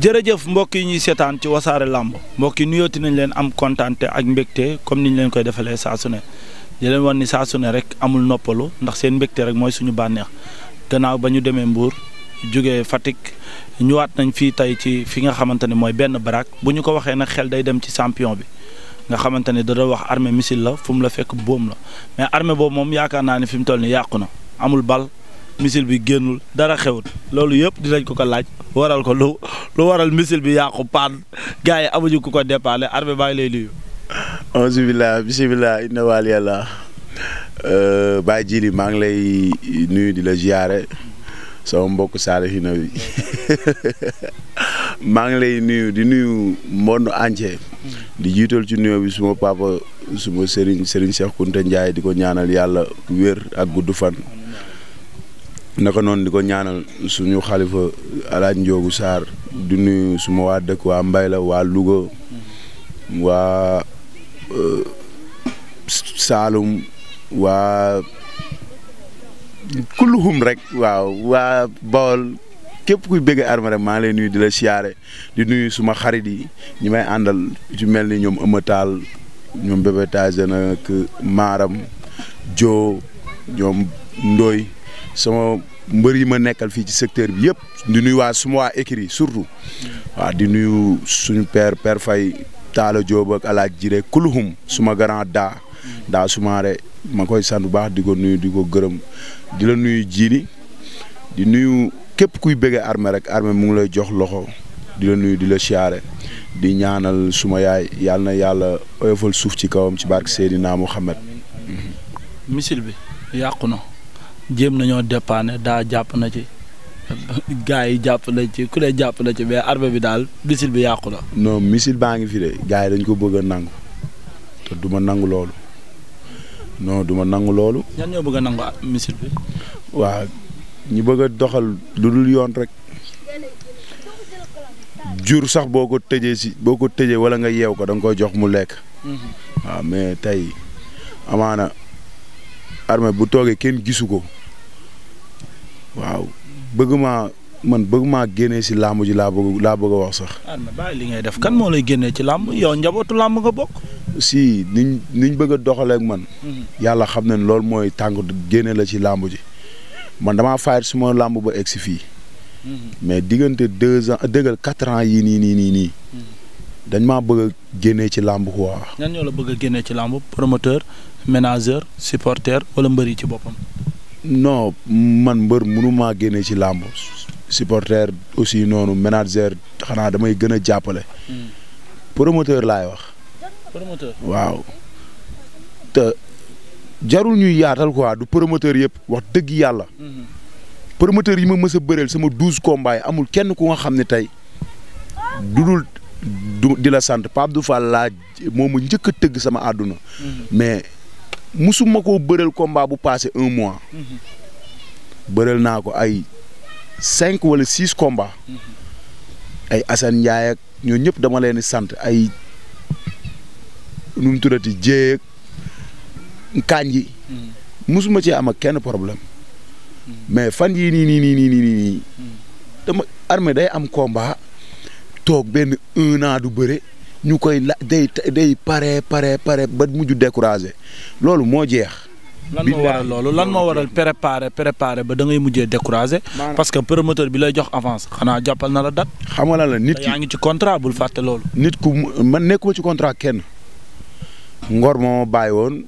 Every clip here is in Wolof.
jërëjëf mbokk yi ñuy seetaan ci wasaare làmb mbokk yi nuyooti nañ leen am kontaante ak mbégte comme niñ leen koy defalee saasune su ne di leen wan ni saasune rek amul noppalu ndax seen mbégte rek mooy suñu bànneex gannaaw ba ñu demee mbuur jógee Fatick ñëwaat nañ fii tey ci fi nga xamante ne mooy benn baraak bu ñu ko waxee nag xel day dem ci champion bi nga xamante ne da doon wax armée missile la fu la fekk boom la mais armée boobu moom yaakaar naa ne fi mu toll nii yàqu na amul bal. missile bi génnul dara xewul loolu yëpp dinañ ko ko laaj waral ko lu waral missile bi yàqu paan gars yi amuñu ko ko dépanne armée baa ngi lay nuyu. auzu billah bisimilah inna waal yàlla euh, Baye maa ngi lay nuyu di la ziare sama mbokk Salihina ngi lay nuyu di nuyu monde entier di jiitool ci nuyoo bi suma papa suma Serigne Serigne Cheikh Kounta Ndiaye di ko ñaanal yàlla wér ak gudd fan. naka noonu di ko ñaanal suñu xalifa alaaj Njoogu Sarr du nuyu suma waa dëkk waa mbay la waa Louga waa euh, Saalum waa kulluhum rek waaw waa Bawol képp kuy bëgg Armé rek maa lay nuyu di la siyaare di nuyu suma xarit yi ñu may àndal ci mel ni ñoom Eumeu Tall ñoom Bébé Tazana ak Maram Joo ñoom Ndoy mbër yi ma nekkal fii ci secteur bi yëpp di nuyu waa suma waa écrit surtout waaw di nuyu suñu père père Faye Talla Diop ak alaaj Jire kuluhum suma grand daa daa sumaare ma koy sant bu baax di ko nuyu di ko gërëm di la nuyu jiili di nuyu képp kuy bëggee armée rek armée mu ngi lay jox loxo di la nuyu di la siyaare di ñaanal suma yaay yàlla na yàlla oyofal suuf ci kawam ci barke Seydina Muhammad misil bi yàqu na jéem nañoo dépanner daa jàpp na ci gars yi jàpp na ci ku jàpp na ci mais armée bi daal missile bi yàqu na. non missile baa ngi fi de gars yi dañ ko bëgg a nangu te du ma nangu loolu non duma nangu loolu. ñan ñoo bëgg a nangu missile bi. waaw ñu bëgg a doxal lu dul yoon rek. jur sax boo ko tëjee si boo ko tëjee wala nga yeew ko danga nga koy jox mu lekk. Mhm. waaw mais tey amaana armée bu toogee kenn gisu ko waaw bëgg maa man bëgg maa génnee si làmb ji laa bëgg laa bëgg a wax sax. ah li ngay def kan moo lay génnee ci làmb yow njabootu làmb nga bokk. si niñ niñ bëgg a doxaleeg man. Mhm. yàlla xam ne loolu mooy tànk génne la ci làmb ji man damaa fayat suma làmb ba egg si fii. Mhm. mais diggante deux ans dëggal quatre ans yii nii nii nii nii. Mhm. dañ maa bëgg a génnee ci làmb quoi. ñan ñoo la bëgg a génnee ci làmb promoteur ménageur supporter walla mbër ci boppam. non man mbër mënumaa génne ci làmb supporter aussi noonu manager xanaa damay gën a jàppale. Hmm. promoteur laay wax. waaw. te jarul ñuy yaatal quoi du promoteur yëpp wax dëgg yàlla. Hmm. promoteur yi ma mës a bëreel sama douze combats amul kenn ku nga xam ne tey dudul du di la sant Pape du Fall laaj moo ma njëkk a tëgg sama àdduna. Hmm. mais musuma koo bëreel combat bu passé un mois. bëreel naa ko ay cinq wala six combats. ay Assane Ndiaye ak ñoo ñëpp dama leen sant ay nu mu tuddati jéeg kaañ ji. musuma ci am ak kenn problème. mais fan yii nii nii nii nii nii nii dama armée day am combat toog benn un an du bëre. ñu koy la day day pare pare pare ba mujj découragé loolu moo jeex. lan moo waral loolu lan moo waral préparer préparer ba da ngay mujjee découragé. parce que promoteur bi lay jox avance xanaa jàppal na la date. xamala la nit ki ngi ci contrat bul fàtte loolu. nit ku man nekkuma ci contrat kenn. ngor moo bàyyi woon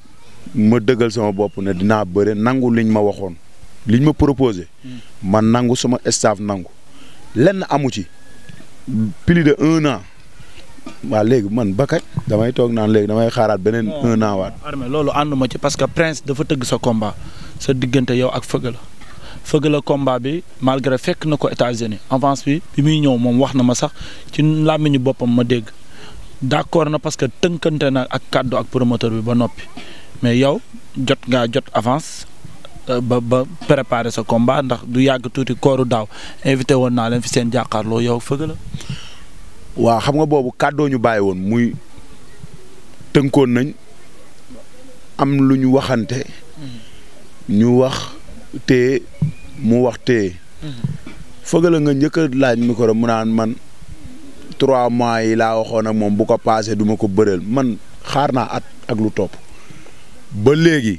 ma dëggal sama bopp ne dinaa bëre nangu liñ ma waxoon liñ ma proposé. Hmm. man nangu suma staff nangu lenn amu ci. plus de un an. waaw léegi man ba kañ damay toog naan léegi damay xaaraat beneen un an waat. loolu ànduma ci parce que Prince dafa tëgg sa combat sa diggante yow ak la Feugeula la combat bi malgré fekk na ko États-Unis avance bi bi muy ñëw moom wax na ma sax ci làmmiñu boppam ma dégg d'accord na parce que tënkante na ak kàddu ak promoteur bi ba noppi mais yow jot ngaa jot avance. Euh, ba ba préparer sa combat ndax du yàgg tuuti kooru daaw invité woon naa leen fi seen jàkkaarloo yow Feugeula waaw xam nga boobu kàddoo ñu bàyyi woon muy tënkoon nañ am lu ñu waxante mm-hmm. ñu wax te mu wax te mm-hmm. fëgala nga njëkk a laaj micro mu naan man trois mois yi laa waxoon ak moom bu ko passé duma ko bëreel man xaar naa at ak lu topp ba léegi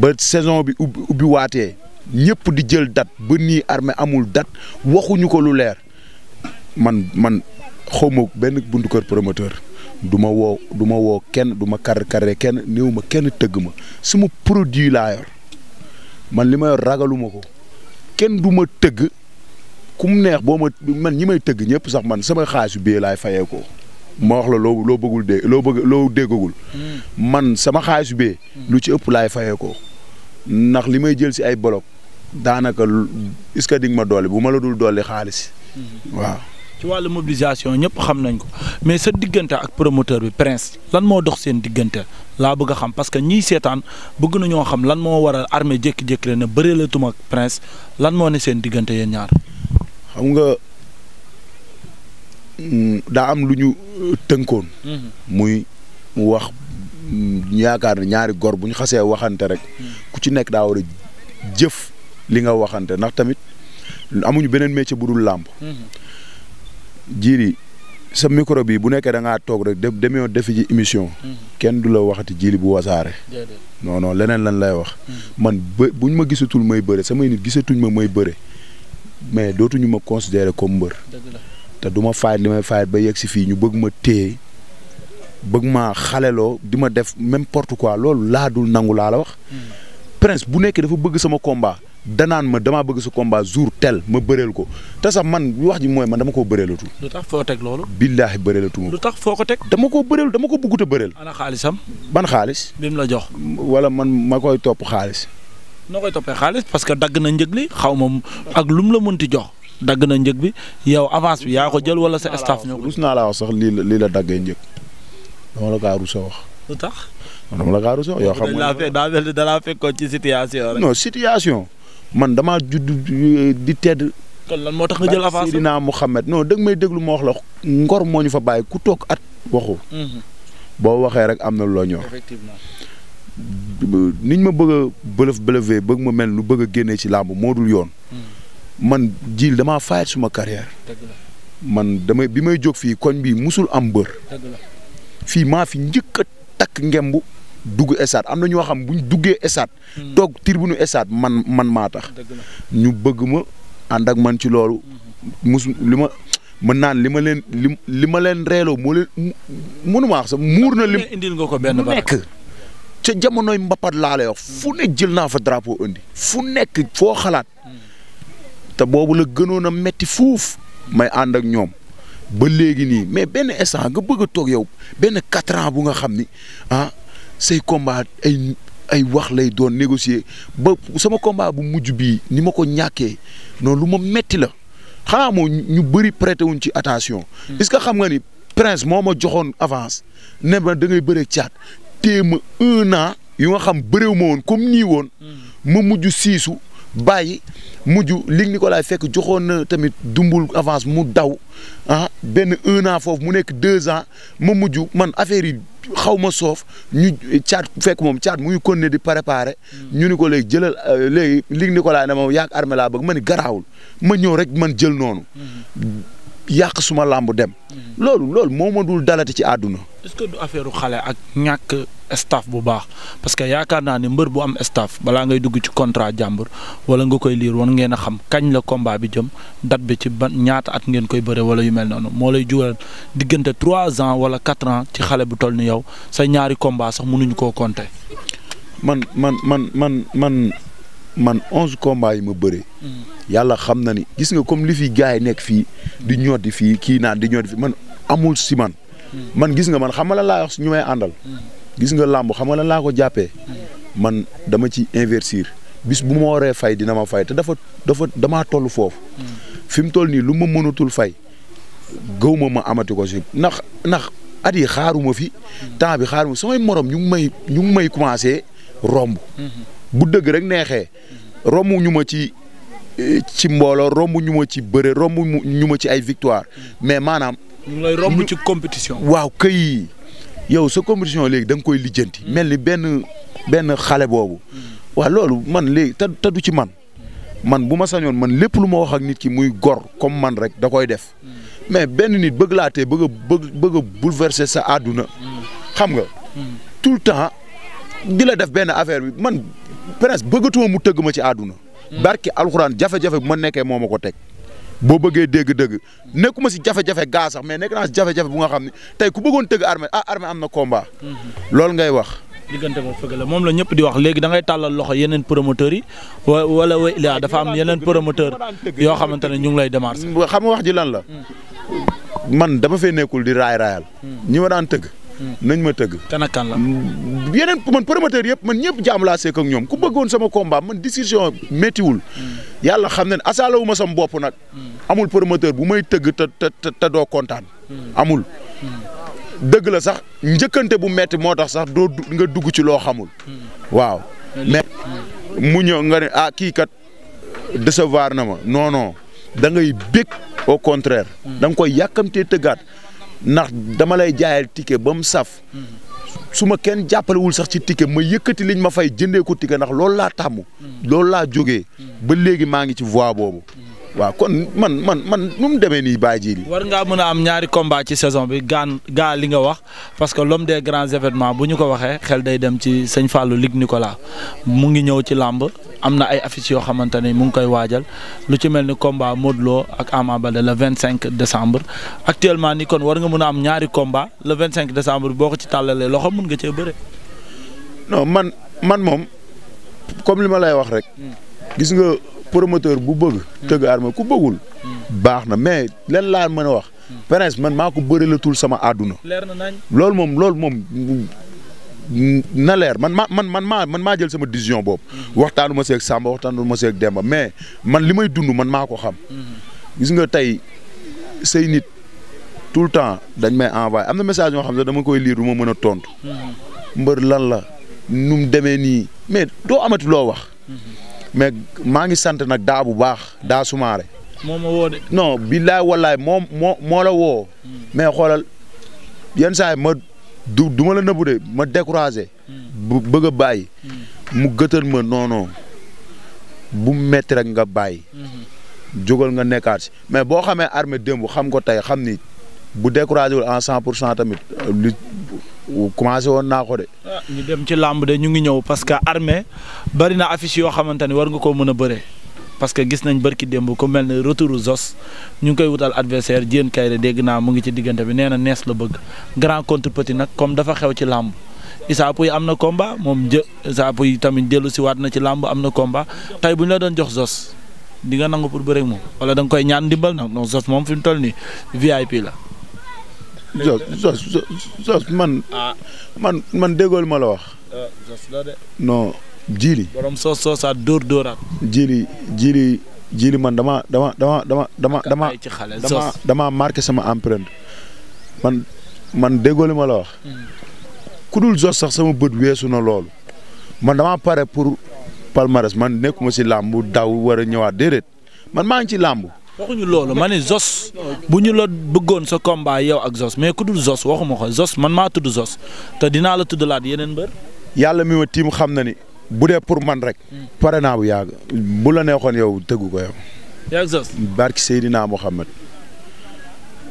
ba saison bi ubbi waatee ñëpp di jël date ba nii armée amul date waxuñu ko lu leer man man xaw ma benn buntu kër promoteur du ma woo du ma woo kenn du ma kar karre kenn néew ma kenn tëgg ma suma produit laa yor man li ma yor ragaluma ko kenn du ma tëgg ku mu neex boo ma man ñi may tëgg ñëpp sax man sama xaalisu bee laay fayee ko ma wax la loo loo bëggul loo bëgg loo hmm. sama xaalisu bee. Hmm. lu ci ëpp laay fayee ko ndax li may jël si ay bolok daanaka est-ce que di ma doole bu ma la dul doole xaalis hmm. waaw. ci wàllu mobilisation ñëpp xam nañ ko mais sa diggante ak promoteur bi Prince lan moo dox seen diggante laa bëgg a xam parce que ñiy seetaan bëgg nañoo xam lan moo waral armée jékki-jékki la ne bëree ak Prince lan moo ne seen diggante yéen ñaar. xam nga mm, daa am lu ñu euh, tënkoon. Mhm. muy wax mm, yaakaar ne ñaari gor bu ñu xasee waxante rek. Mhm. ku ci nekk daa war a jëf li nga waxante ndax tamit amuñu beneen métier bu dul làmb. Mhm. jiili sa micro bi bu nekkee da toog rek dem demeewul defi ji émission. Mm-hmm. kenn du la waxati jiili bu wasaare. non non leneen lan lay wax. Mm-hmm. man ba buñ ma gisatul may bëre samay nit gisatuñ ma may bëre mais dootuñu ma considérer comme mbër. te du ma faayit li may faayit ba yegg si fii ñu bëgg ma téye bëgg ma xaleloo di ma def même porte quoi loolu laa dul nangu laa la wax. Mm-hmm. Prince bu nekkee dafa bëgg sama combat danaan ma damaa bëgg su combat jour tel ma bëreel ko te sax man wax ji mooy man dama koo bëreelatul. lu tax foo teg loolu. billaahi bëreelatul. lu tax foo ko teg. dama koo bëreel dama ko bëggut a bëreel. xaalisam. ban xaalis. bi la jox. wala man ma koy topp xaalis. noo koy xaalis parce que dagg na njëg li xaw ma ak lu mu la mënti jox. dagg na njëg bi yow avance bi yaa ko jël wala sa staff. ñoo naa laa wax sax lii lii la daggee njëg dama la kaa rusa wax. lu tax. dama la kaa rusa wax. yow xam nga daa fekk daa mel ni ci situation. non situation. man dama judd euh, di tedd. kon moo tax nga jël avance Seydina Mouhamed non dëgg may déglu ma wax la ngor moo ñu fa bàyyi ku toog at waxu. Mhm. boo waxee rek am na loo ñor. niñ ma bëgg a bëlëf bëlëfee bëgg ma mel lu bëgg a génnee ci làmb moo dul yoon. Mhm. man jiil damaa fayat suma carrière. man bi may jóg fii koñ bi musul am bër. fii maa fi njëkk a takk ngemb dugg esaat am na ñoo xam bu ñu duggee esaat. Hmm. toog tribune esaat man man maa tax. ñu bëgg ma ànd ak man ci loolu. Hmm. musu li ma mën naan li ma leen li li ma leen reeloo moo leen mënu ma sax muur na. lim indil nga ko benn nekk. ca jamonoy mbapat laa lay wax fu ne jël naa fa drapeau indi. fu nekk foo xalaat. Hmm. te boobu la gënoon a metti fuuf. may ànd ak ñoom. ba léegi nii mais benn instant nga bëgg a toog yow benn quatre ans bu nga xam ni ah. say combat ay ay wax lay doon négocier ba sama combat bu mujj bii ni ma ko ñàkkee noonu lu ma metti la xanaa moo ñu bëri prêté wuñ ci attention. Hmm. est que xam nga ni prince moo ma joxoon avance ne ma da ngay te caat téye ma un an yu nga xam bëréew ma woon comme nii woon. Hmm. ma mujj siisu bàyyi mujj Luc Nicolaï fekk joxoon na tamit dumbul avance mu daw ah benn un foofu mu nekk deux ans ma mujj man affaire yi xaw ma soof ñu caat fekk moom caat mu ngi continuer di préparer. Mm. ñu ni ko léegi jëlal euh, léegi Luc Nicolaï ne ma yàgg armé laa bëgg ma ni garaawul ma ñëw rek man jël noonu. Mm. yàq suma lamb dem. Mm. loolu loolu moo ma dul dalati ci àdduna. est-ce que du affaire xale ak ñàkk staff bu baax parce que yaakaar naa ne mbër bu am staff balaa ngay dugg ci contrat jàmbur wala nga koy liir woon ngeen a xam kañ la combat bi jëm date bi ci ban ñaata at ngeen koy bëree wala yu mel noonu moo lay jural diggante trois ans wala quatre ans ci xale bu toll ni yow sa ñaari combat sax mënuñu koo compter. man man man man man man onze combats yi ma bëre. Hmm. yàlla xam na ni gis nga comme li fi gars yi nekk fii. di ñoot di fii kii naan di ñoot di man amul si man. man gis nga man xam nga lan laa wax ñu may àndal. gis nga làmb xam nga lan laa ko jàppee. man dama ci investir bis bu ma waree fay dina ma fay te dafa dafa damaa toll foofu. fi mu toll nii lu ma mënatul fay gaw ma ma amati ko si ndax ndax at xaaruma fi. temps bi xaaruma samay morom ñu may ñu may commencé romb. bu dëgg rek neexee romb ñu ma ci. ci mbooloo romb ñu ci bëre romb ñu ci ay victoire mais maanaam ñu lay romb ci compétition. waaw kay yow sa compétition léegi da nga koy lijjanti. Hmm. mel ni benn benn xale boobu. Hmm. waaw loolu man léegi te te du ci man. man bu ma sañoon man lépp lu ma wax ak nit ki muy gor comme man rek da koy def. Hmm. mais benn nit bëgg laa bëgg a bëgg bëgg a bouleverser sa àdduna. xam nga. tout le temps di la def benn affaire bi man presque bëggatuma mu tëgg ma ci àdduna. barki alxuraan jafe-jafe bu ma nekkee moom ma ko teg. boo bëggee dégg-dëgg nekkuma si jafe-jafe gaa sax mais nekk naa si jafe-jafe bu nga xam ne tey ku bëggoon tëgg armée ah armée am na combat. Mhm. loolu ngay wax. diggante moom fëgg la moom la ñëpp di wax léegi da ngay tàllal loxo yeneen promoteurs yi wala wala dafa am yeneen promoteur yoo xamante ne ñu ngi lay démarrer. xam nga wax ji lan la. Mhm. man dama fee nekkul di raay raayal. Mhm. ñi waraan daan tëgg. nañ ma tëgg. kan ak kan la yeneen man promoteur yëpp man ñëpp jaam laa ak ñoom ku bëggoon sama combat man décision méttiwul. yàlla xam ne ne asaalawuma sama bopp nag. amul promoteur bu may tëgg te doo kontaan. amul. dëgg la sax njëkkante bu metti moo tax sax doo dugg ci loo xamul. waaw mais mu ñëw nga ne ah kii kat décevoir na ma non non da ngay bég au contraire. Hmm. da koy yàkkamtee tëggaat. ndax dama lay jaayal ticket ba mu saf. su ma kenn jàppalewul sax ci ticket ma yëkkati liñ ma fay jëndee ko ticket ndax loolu laa tamu loolu laa jógee. ba léegi maa ngi ci voie boobu. waaw kon man man man mu demee nii bàyyi ji. war ngaa mën a am ñaari combat ci saison bi gaan gaa li nga wax parce que l'homme des grands événements bu ñu ko waxee xel day dem ci sëñ Fallou Luc Nicolas mu ngi ñëw ci làmb am na ay affiches yoo xamante ne mu ngi koy waajal lu ci mel ni combat Modou Lo ak Ama Baldé le vingt cinq décembre actuellement ni kon war nga mën a am ñaari combat le vingt cinq décembre boo ko ci tàllalee loxo nga cee bëre. man man moom comme li ma lay wax rek. Hmm. gis nga. promoteur bu bëgg. Hmm. tëgg armé ku bëggul. Hmm. baax na mais len laa mën a wax. Hmm. Prince man maa ko bëri la tul sama àdduna. leer na loolu moom loolu moom. na leer man ma man man maa man maa jël sama décision boobu. waxtaan waxtaanu ma seeg Samba waxtaanu ma seeg Demba mais man li may dund man maa ko xam. gis nga tey say nit tout le temps dañ may envoyé am na message yoo xam ne dama koy lire du mën a tontu. mbër lan la nu mu nii mais doo amati loo wax. mais maa ngi sant nag daa bu baax daa sumaare. moo ma woo de. non billaay wallaay moom moo moo la woo. mais xoolal yenn saa ma du du la nabu de ma découragé. Hmm. bu bëgg a bàyyi. Hmm. mu gëtal ma non bu metti rek nga bàyyi. Hmm. jógal nga nekkaat si mais boo xamee armée démb xam ko tey xam ni bu découragé wul en cent pour cent tamit commencé woon naa ko de. Ah, ñu dem ci làmb de ñu ngi ñëw parce que armée bari na affiche yoo xamante ni war nga koo mën a bëree parce que gis nañ bërki démb ku mel ne retour Zos ñu ngi koy wutal adversaire Diène Kairé dégg naa mu ngi ci diggante bi nee na nees la bëgg grand contre petit nag comme dafa xew ci làmb Issa yi am na combat moom jë Issa yi tamit dellu si waat na ci làmb am na combat tey bu ñu la doon jox Zos di nga nangu pour bëre ak moom wala koy ñaan ndimbal nag non Zos moom fi mu toll nii VIP la. jos jos jos man. Ah. man man ma la wax. Euh, non jiili. borom soos soosaat dóor dóoraat. jiili jiili jiili man dama dama dama dama dama dama dama dama marqué sama empreinte man man déggool ma la wax. Hmm. kudul dul sax sama bët weesu na loolu man damaa pare pour palmarès man nekkuma si làmb daw war a ñëwaat déedéet man maa ngi ci làmb. waxuñu loolu ma ne Zos bu ñu la bëggoon sa combat yow ak Zos mais ku dul Zos waxuma ko Zos man maa tudd Zos te dinaa la tuddalaat yeneen mbër. yàlla mi ma tiim xam na ni bu dee pour man rek. pare naa bu yàgg bu la neexoon yow tëggu ko yow. yow ak Zos. barki Seydina Mohamed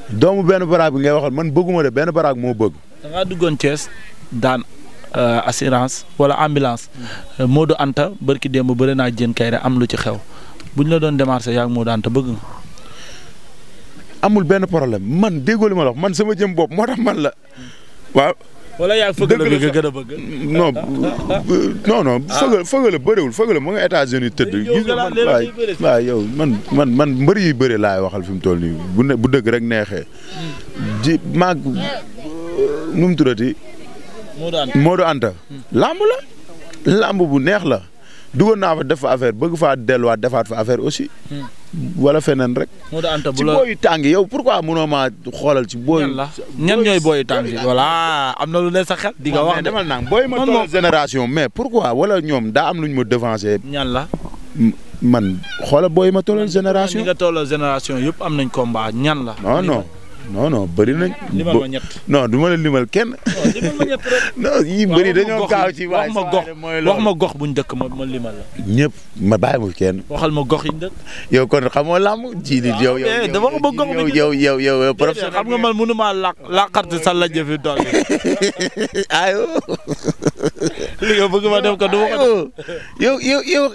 doomu benn baraag bi ngay waxal man bëgguma de benn baraag moo bëgg. da duggoon Thiès daan. Euh, assurance wala ambulance mm. euh, Modou Anta bërki démb bëri naa jën kayre am lu ci xew bu buñ la doon démarché yaa ngi moo daan bëgg amul benn problème man déggoo li ma la man sama jëm bopp moo man la waaw. wala yaa fëgg la ah. la bëriwul fëgg la mu nga états tëdd. gis nga man man man mbër yi bëri laay waxal fi mu toll nii bu bu dëgg rek neexee. ji maag euh, nu mu tuddati. Anta Modou la làmb bu neex la. duggoon naa fa def fa affaire bëgg faa delluwaat defaat fa affaire aussi. Hmm. wala feneen rek. ci booyu tàng yow pourquoi mënoo maa xoolal ci booyu. ñan ñooy booyu tàng yi voilà am na lu ne sa xel. di nga wax demal naa booy ma toll génération mais pourquoi wala ñoom daa am lu ñu ma devancer. ñan la. man xoolal booy ma toll génération. ñi nga yëpp am nañ combat ñan la. non non non bëri nañ. limal ma ñett non du ma la limal kenn. non yii gaaw ci waaye wax ma gox buñ dëkk ma ma limal la. ñëpp ma bàyyi ma kenn. waxal ma gox yi ñu dëkk. yow kon xamoo làmb ji li ah, yow. yow dama ko bëgg gox bi yow yow yow professeur man ma def ko du ma ko def. yow yow yow.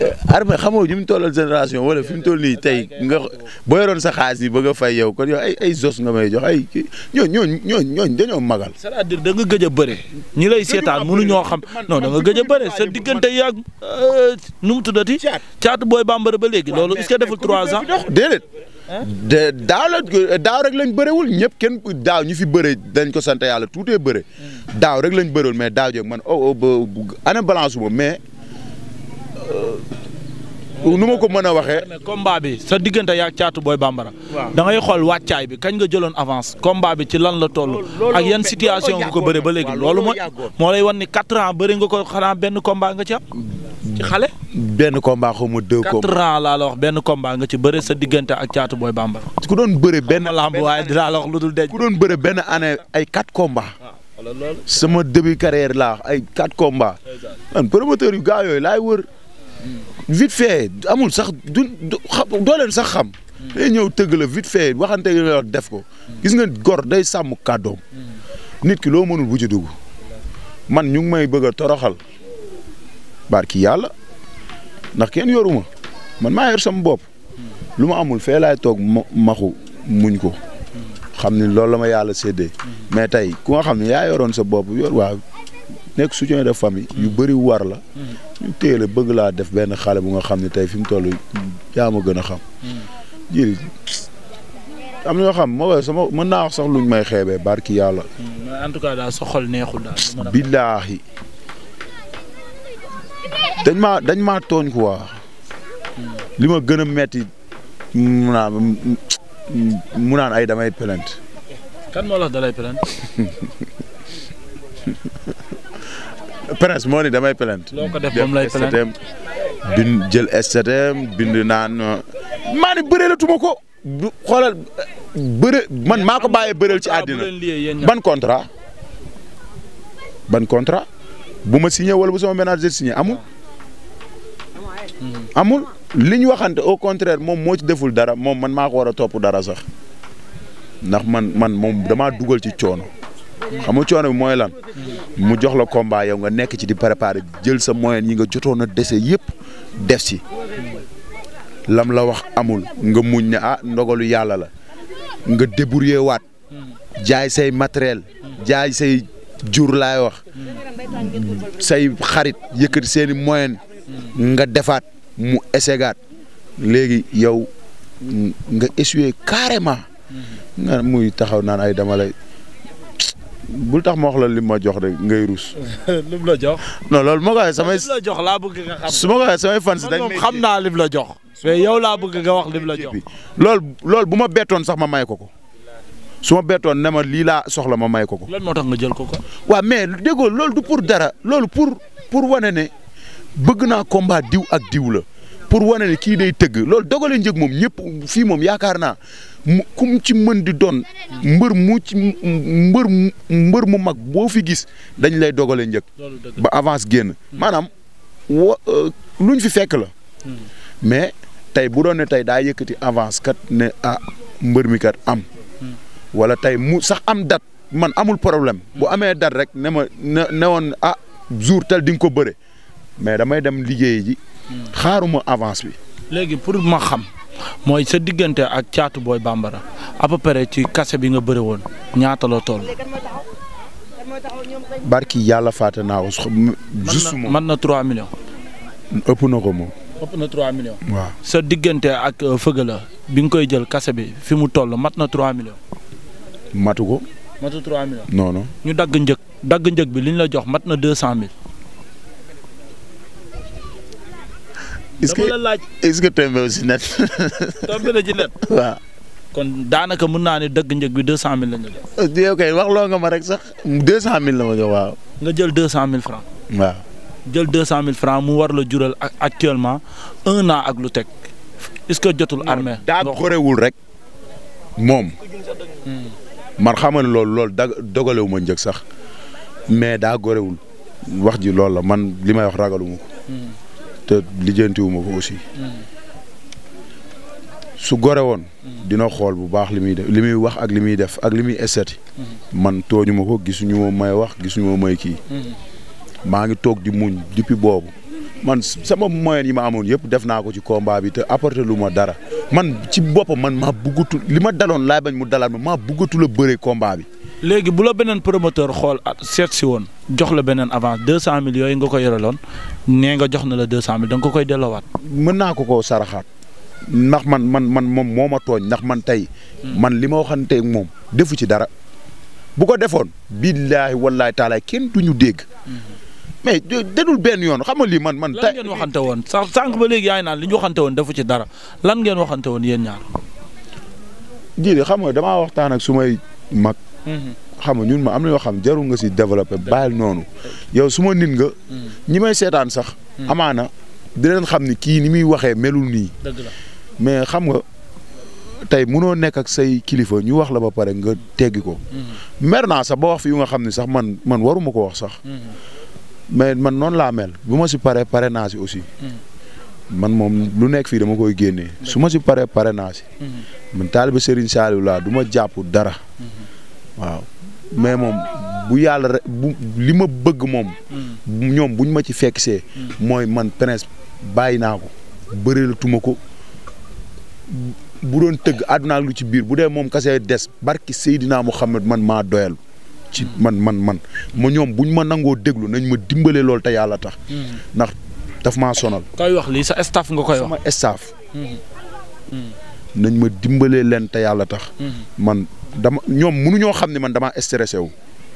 Eh, armé xamoo ñu mu tollal génération wala fi mu toll nii tey nga boo sa xaalis yi a fay yow kon yow ay ay jos nga may jox ay kii ñooñu ñooñu ñooñu dañoo magal. c'est-à-dire da nga gëj a bëre. ñi lay seetaan mënuñoo xam non da nga gëj a bëre sa diggante yàgg euh, nu mu tuddati. caat caat booy bambara ba léegi loolu est deful trois ans. déedéet. de daaw la daaw rek lañ bërewul ñëpp kenn daaw ñu fi bëre dañ ko sant yàlla tuutee bëre. Hmm. daaw rek lañ bërewul mais daaw jeeg man oh oh ba ana balance nu ma ko mën a waxee. combat bi sa diggante yaag caatu booy bambara. da ngay xool wàccaay bi kañ nga jëloon avance combat bi ci lan la toll. ak yan situation nga ko bëre ba léegi loolu mooy. moo lay wan ni quatre ans bëri nga ko xanaa benn combat nga ci ci xale. benn combat xaw ma deux. combat quatre wax benn combat nga ci bëre sa diggante ak caatu booy bambara. ku doon bëre benn lamb waaye dinaa lu dul denc. doon bëre benn année ay quatre combats. Ah, sama début carrière la ay quatre combats. man promoteur yu gaaw yooyu laay wër. vite fait amul sax du doo sax xam. day ñëw tëgg la vite fait waxante la def ko. gis nga gor day sàmm kàddoom. nit ki loo mënul bu ci dugg. man ñu ngi may bëgg a toroxal. barki yàlla ndax kenn yoruma man maa yor sama bop lu ma amul fee laay toog maxu muñ ko. xam ni loolu la ma yàlla séddee. mais tey ku nga xam ne yaa yoroon sa bopp yor waa nekk soutien de famille. yu mm. bëri war la. Mm. ñu téye bëgg laa def benn xale bu nga xam ne tey fi mu toll yaa ma gën a xam. Mm. jërëjëf am na ñoo xam ma sama mën may xeebee barki yàlla. en tout cas daal sa neexul daal. billaahi dañ maa dañ maa tooñ li ma gën a metti mu naan ay damay plainte. presse moo ni damay plainte. loo ko def moom lay plainte bind jël STM bind naan maa ne bëreelatuma ko. xoolal bëre man maa ko bàyyee bëreel ci àddina ban contrat ban contrat bu ma signé wala bu sama manager signé amul. Hmm. amul li ñu waxante au contraire moom moo ci deful dara moom man maa ko war a topp dara sax ndax man man moom damaa dugal ci coono. xam nga coono bi mooy lan mu jox la combat yow nga nekk ci di préparer jël sa moyen yi nga jotoon dese yëpp def si lam la wax amul nga muñ ne ah ndogalu yàlla la nga débrouiller waat jaay say matériel jaay say jur laay wax say xarit yëkkati seeni moyen nga defaat mu essegaat léegi yow nga essuyer carrément nga muy taxaw naan ay dama lay bul tax ma wax la lim ma jox rek ngay rus. lim la jox. non loolu moo koy samay. lim la jox laa bëgg nga xam. su ma koy samay fans xam naa lim la jox. mais yow laa bëgg nga wax lim la jox. loolu loolu bu ma bettoon sax ma may ko ko. su ma bettoon ne ma lii laa soxla ma may ko ko. lan moo tax nga jël ko ko. waaw mais déggoo loolu du pour dara loolu pour pour wane ne bëgg naa combat diw ak diw la pour wane ne kii day tëgg loolu dogalee njëg moom ñëpp fii moom yaakaar naa. mu kum ci mën di doon mbër mu ci mbër mbër mu mag boo fi gis dañ lay dogale njëkk ba avance génn maanaam wa euh, luñ fi fekk la hmm. mais tey bu doon ne tey daa yëkkati avance kat ne a ah, mbër mi kat am hmm. wala tey mu sax am date man amul problème hmm. bu amee date rek ne ma ne woon ah jour tel di nga ko bëre mais damay dem liggéey ji xaaruma avance bi léegi pour ma xam mooy sa diggante ak caatu booy bambara à peu près ci kase bi nga bëri woon ñaata la toll. barki yàlla fàtte naa ko. juste moom na 3 millions. ëpp na ko moom. ëpp na 3 millions. waaw sa diggante ak euh, fëgg la bi nga koy jël kase bi fi mu toll mat na 3 millions. matu ko. matu 3 millions. non ñu dagg njëg dagg njëg bi li ñu la jox mat na 200000. est-ce dama la laaj est-ce que tombé aussi net. tombé na ci net. waaw. kon daanaka mën naa ne dëgg njëg bi deux cent mille la nga jox. Eh, yow wax loo nga ma rek sax deux cent mille la ma jox waaw. nga jël deux cent mille franc. waaw jël deux cent mille franc mu war la jural actuellement un an ak lu teg est-ce que jotul armée. daa xorewul rek moom. Hmm. man xam nga loolu loolu da dogalewu njëg sax mais daa gorewul wax ji loolu la man li may wax ragaluma ko. Hmm. te lijjantiwuma ko aussi. su gore woon. dina xool bu baax li muy def li muy wax ak li muy def ak li muy estheti man tooñu ma ko gisuñu ma may wax gisuñu ma may kii. maa ngi toog di muñ depuis boobu. man sama moyen yi ma amoon yëpp def naa ko ci combat bi te apporter lu ma dara man ci boppam man maa bëggatul li ma daloon laay bañ mu dalaat ma maa bëggatul a bëre combat bi. léegi bu la beneen promoteur xool ah, seet si woon jox la beneen avant deux cent mille yooyu nga ko yoreloon nee nga jox na la deux cent mille da nga ko koy delloowaat. mën naa ko koo saraxaat ndax man man man moom moo ma tooñ ndax man tey. Hmm. man li ma waxante moom defu ci dara. bu ko defoon billaahi wallaahi taala kenn du ñu dégg. Hmm. mais dedul benn yoon xam nga lii man man. lan ngeen waxante woon sànq ba léegi yaay naan li ñu waxante woon defu ci dara lan ngeen waxante woon yéen ñaar. jii xam nga damaa waxtaan ak sumay mag. xam nga ñun ma am na yoo xam jarul nga si développé bàyyil noonu yow suma ma nit nga. ñi may seetaan sax. amaana dinañ xam ni kii ni muy waxee melul nii. mais xam nga tey munoo nekk ak say kilifa ñu wax la ba pare nga teggi ko. Mhm. mer naa sax ba wax fi yu nga xam ne sax man man waruma ko wax sax. Mhm. mais man noonu laa mel bu ma si paree pare aussi. Mhm. man moom lu nekk fii dama koy génnee su ma si paree pare naa si. man taaliba Serigne Saliou laa duma ma jàpp dara. waaw mais moom bu yàlla rek bu li ma bëgg moom. Hmm. ñoom buñ ma ci fekk see. Hmm. mooy man Prince bàyyi naa ko bëreelatuma ko bu doon tëgg àdduna lu ci biir bu dee moom kase des barki Seydina Muhammad man maa doyal. ci hmm. man man man ma ñoom buñ ma nangoo déglu nañ ma dimbalee loolu te yàlla tax. ndax daf maa sonal. koy wax lii sa staff nga koy wax sama ma dimbalee leen te yàlla tax. man. dama ñoom munuñoo xam ne man damaa stressé wu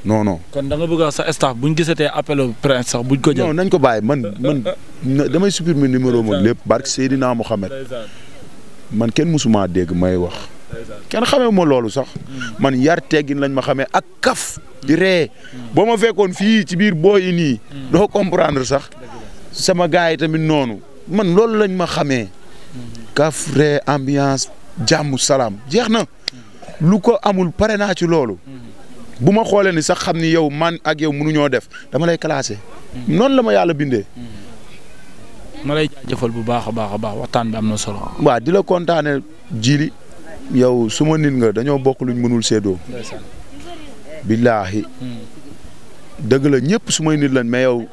non non. kon da nga bëgg sa staff bu ñu gisatee appel prince sax buñ ko jël. non nañ ko bàyyi man man damay supprimer numéro ma lépp barke Seydina Mohamed man kenn mësuma dégg may wax. kenn xamee ma loolu sax. Mm. man yar teggin lañ ma xamee ak kaf. di mm. boo ma fekkoon fii ci biir boo yi nii. Mm. doo comprendre sax. sama gars yi tamit noonu. man loolu lañ ma xamee. Mm-hmm. kaf ree ambiance jàmm salaam jeex na. lu ko amul pare naa ci loolu. bu ma xoolee ni sax xam ni yow man ak yow ñoo def dama lay classé. noonu la ma yàlla bindee. ma lay jaajëfal bu baax a baax a baax waxtaan bi am na solo. waa di la kontaanee jiili yow suma nit nga dañoo bokk luñ mënul séddoo. billaahi. dëgg la ñëpp su nit lañ mais yow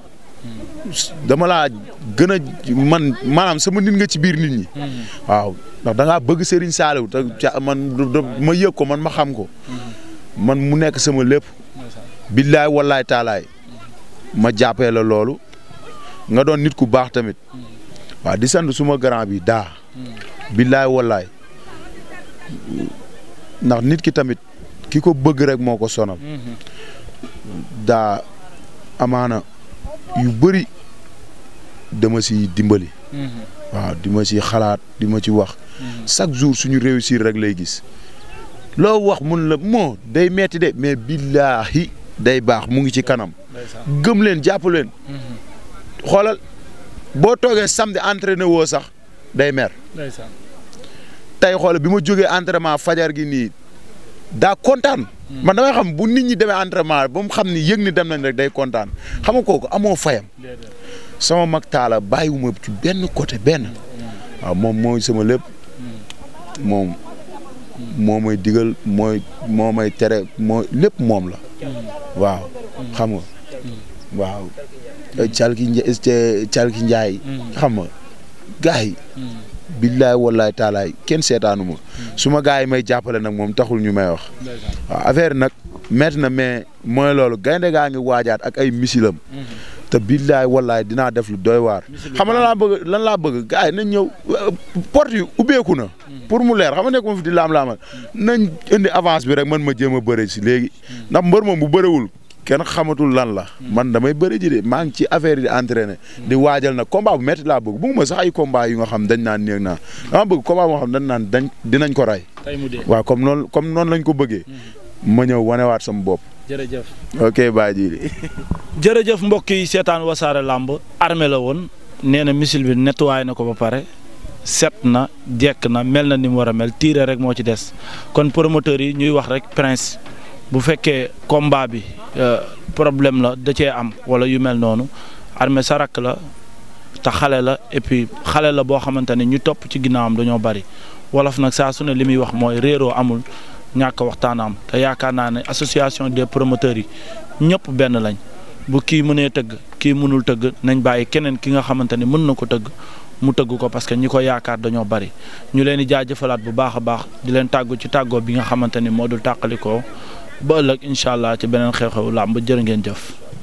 dama laa gën a man maanaam sama nit nga ci biir nit ñi. Hmm. waaw ndax da ngaa bëgg Serigne Saliou te ca man ma yëg ko man ma xam ko man mu nekk sama lépp billaay wallaay taalaay ma jàppee la loolu nga doon nit ku baax tamit waaw di sant suma grand bi daa billaay wallaay ndax nit ki tamit ki ko bëgg rek moo ko sonal daa amaana yu bari dama si dimbali waaw di ma ci xalaat di ma ci wax. Mm-hmm. chaque jour suñu réussir rek lay gis. loo wax mun la moo day metti de mais billaahi day baax mu ngi ci kanam. gëm leen jàpp leen. Mm-hmm. xoolal boo toogee entre entraîné woo sax day mer. tey xoolal bi ma jógee entraînement fajar gi nii daa kontaan. Mm. man damay xam bu nit ñi demee entraînement ba mu xam ni yëg ni dem nañ rek day kontaan mm. xam nga kooku amoo fayam. sama mag taala bàyyiwuma ci benn côté benn waaw moom mooy sama lépp moom moo may digal mooy moo may tere lépp moom la waaw xam nga waaw calki calki njaay xam nga gaay yi billaay wallaay taalaay kenn seetaanu ma su ma yi may jàppale nag moom taxul ñu may wax affaire nag métti na mais mooy loolu gaynde gaa ngi waajaat ak ay misilam te billaay wallaay dinaa def lu doy waar. xam nga lan laa bëgg la laa bëgg gars yi nañ ñëw porte yi ubbeeku na. Hmm. pour mu leer xam nga nekk ma fi di laam-laamal. Hmm. nañ indi avance bi rek man ma jéem a bëre si léegi. Hmm. ndax mbër moom bu bërewul kenn xamatul lan la. man damay bëri ji de maa ngi ci affaire yi di entraîner. di waajal na combat bu met laa bëgg bëggu ma sax ay combat yu nga xam dañ naan néeg naa dama bëgg combat boo xam dañ naan dañ dinañ ko rey. waa comme noonu comme noonu lañ ko bëggee. ma ñëw wanewaat sama bopp jërëjëf ok Baye mbokk yi seetaan wasaare làmb armé la woon nee na missile bi nettoyé na ko ba pare set na jekk na mel na ni mu war a mel tiire rek moo ci des kon promoteur yi ñuy wax rek prince bu fekkee combat bi euh, problème la da cee am wala yu mel noonu armé sa rakk la te xale la et xale la boo xamante ne ñu topp ci ginnaawam dañoo bari wolof nag saa su ne li muy wax mooy réeroo amul. ñàkk waxtaanaam te yaakaar naa ne association des promoteurs yi ñëpp benn lañ bu kii mënee tëgg kii mënul tëgg nañ bàyyi keneen ki nga xamante ni mën na ko tëgg mu tëgg ko parce que ñi ko yaakaar dañoo bari ñu leen di jaajëfalaat bu baax a baax di leen tàggu ci tàggoo bi nga xamante ni moo dul tàqalikoo ba ëllëg incha allah ci beneen xew-xewu làmb jërë ngeen jëf.